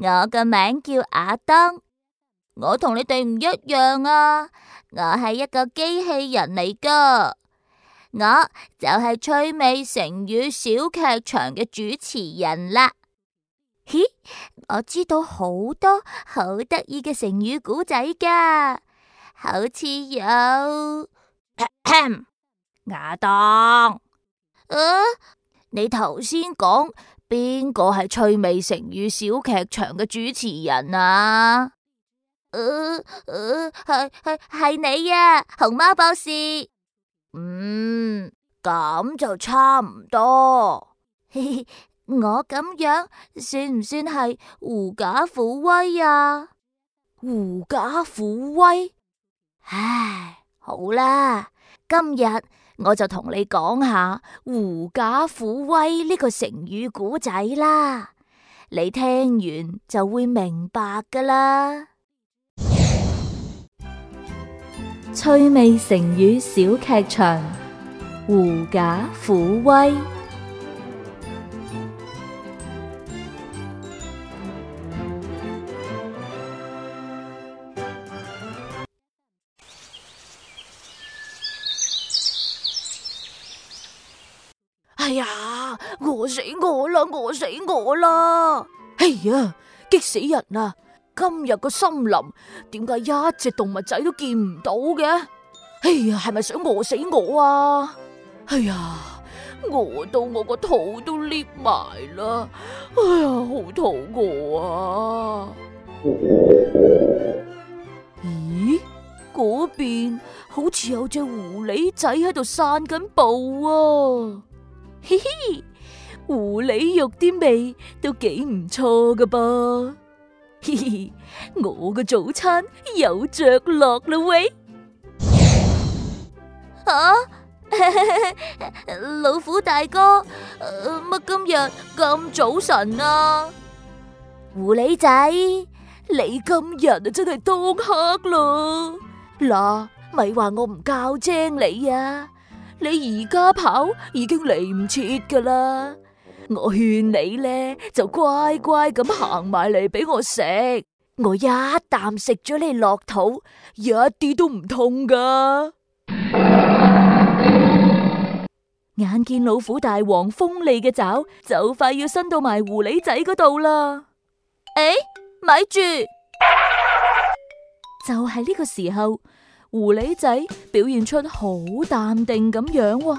我嘅名叫亞當，我同你哋唔一樣啊！我係一個機器人嚟噶，我就係趣味成語小劇場嘅主持人啦。嘿，我知道好多好得意嘅成語故仔噶，好似有 亞當。啊你頭先講邊個係趣味成語小劇場嘅主持人啊？呃呃，係係係你啊，熊貓博士。嗯，咁就差唔多。 我咁樣算唔算係狐假虎威啊？狐假虎威。唉，好啦，今日。我就同你講下狐假虎威呢個成語故仔啦，你聽完就會明白噶啦。趣味成語小劇場，狐假虎威。哎呀，餓死我啦！餓死我啦！哎呀，激死人啦！今日個森林點解一隻動物仔都見唔到嘅？哎呀，係咪想餓死我啊？哎呀，餓到我個肚都裂埋啦！哎呀，好肚餓啊！ 咦，嗰邊好似有隻狐狸仔喺度散緊步啊！嘻嘻，狐狸肉啲味都幾唔錯噶噃？嘻嘻，我嘅早餐有着落啦喂！吓，老虎大哥，乜今日咁早晨啊？狐狸仔，你今日啊真係當黑咯，嗱，咪話我唔教精你啊！你而家跑已經嚟唔切噶啦，我勸你咧就乖乖咁行埋嚟俾我食，我一啖食咗你落肚，一啲都唔痛噶。 眼見老虎大王鋒利嘅爪就快要伸到埋狐狸仔嗰度啦，誒、欸，咪住！ 就係呢個時候。狐狸仔表現出好淡定咁樣，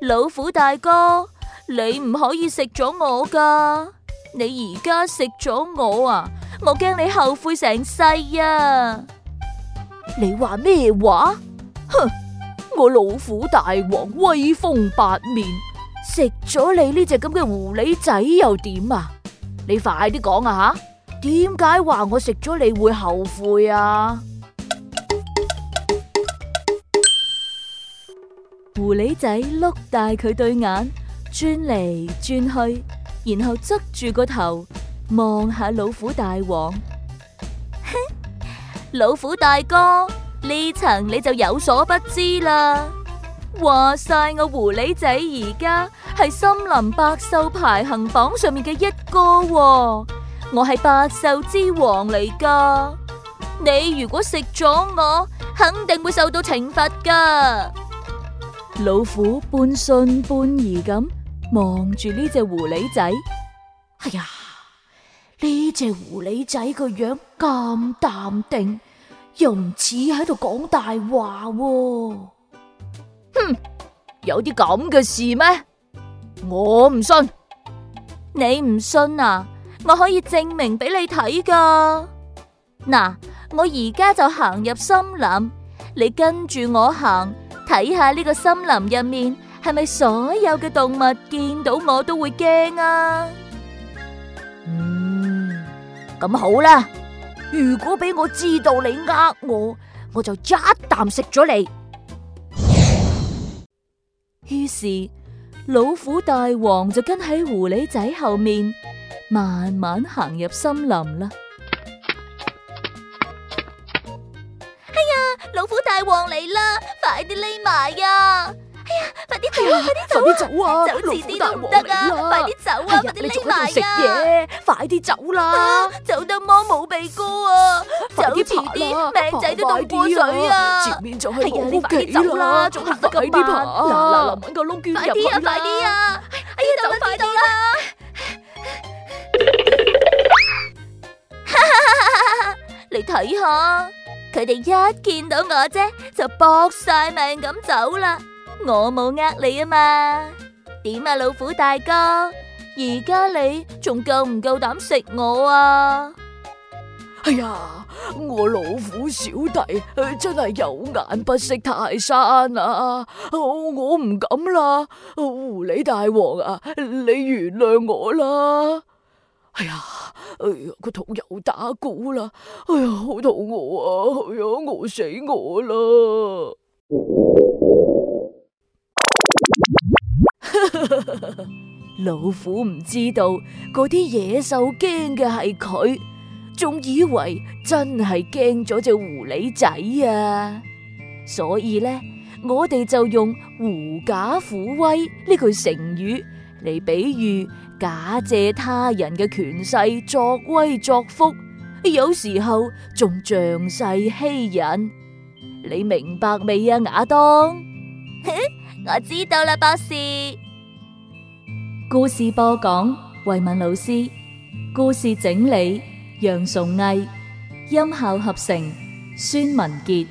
老虎大哥，你唔可以食咗我㗎！你而家食咗我啊，我驚你後悔成世啊！你話咩話？哼！我老虎大王威風八面，食咗你呢隻咁嘅狐狸仔又點啊？你快啲講啊吓！點解話我食咗你會後悔啊？狐狸仔碌大佢對眼，轉嚟轉去，然後側住個頭望下老虎大王。 老虎大哥，呢層你就有所不知啦。話晒我狐狸仔而家係森林百獸排行榜上面嘅一哥喎，我係百獸之王嚟噶。你如果食咗我，肯定會受到懲罰噶。老虎半信半疑咁望住呢隻狐狸仔，哎呀，呢隻狐狸仔個樣咁淡定，又唔似喺度講大話喎。哼，有啲咁嘅事咩？我唔信，你唔信啊？我可以證明俾你睇㗎。嗱，我而家就行入森林，你跟住我行。睇下呢個森林入面，係咪所有嘅動物見到我都會驚啊？嗯，咁好啦，如果俾我知道你呃我，我就一啖食咗你。於是老虎大王就跟喺狐狸仔後面，慢慢行入森林啦。哎呀，老虎！大王嚟啦！快啲匿埋啊！哎呀，快啲走！快啲走啊！走！老大大王嚟啦！快啲走啊！快啲匿埋啊！快啲走啦！走得摸冇鼻哥啊！走遲啲命仔都凍過水啊！前面仲係我哋啦！係啊，你喺度食嘢，快啲走啦！走得摸冇鼻哥啊！快啲走啦！快啲啊！快啲啊！哎呀，大笨到啦！嚟睇下。佢哋一見到我啫，就搏晒命咁走啦！我冇呃你啊嘛？點啊，老虎大哥，而家你仲夠唔夠膽食我啊？哎呀，我老虎小弟真係有眼不識泰山啊！哦，我唔敢啦，狐狸大王啊，你原諒我啦。哎呀，哎呀，個肚又打鼓啦，哎呀，好肚餓啊，哎呀，餓死我啦！哈哈，老虎唔知道嗰啲野獸驚嘅係佢，仲以為真係驚咗隻狐狸仔啊，所以咧，我哋就用狐假虎威呢句成語。嚟比喻假借他人嘅權勢作威作福，有時候仲仗勢欺人。你明白未啊，亞當？我知道啦，博士。故事播講：慧敏老師；故事整理：楊崇毅；音效合成：孫文傑。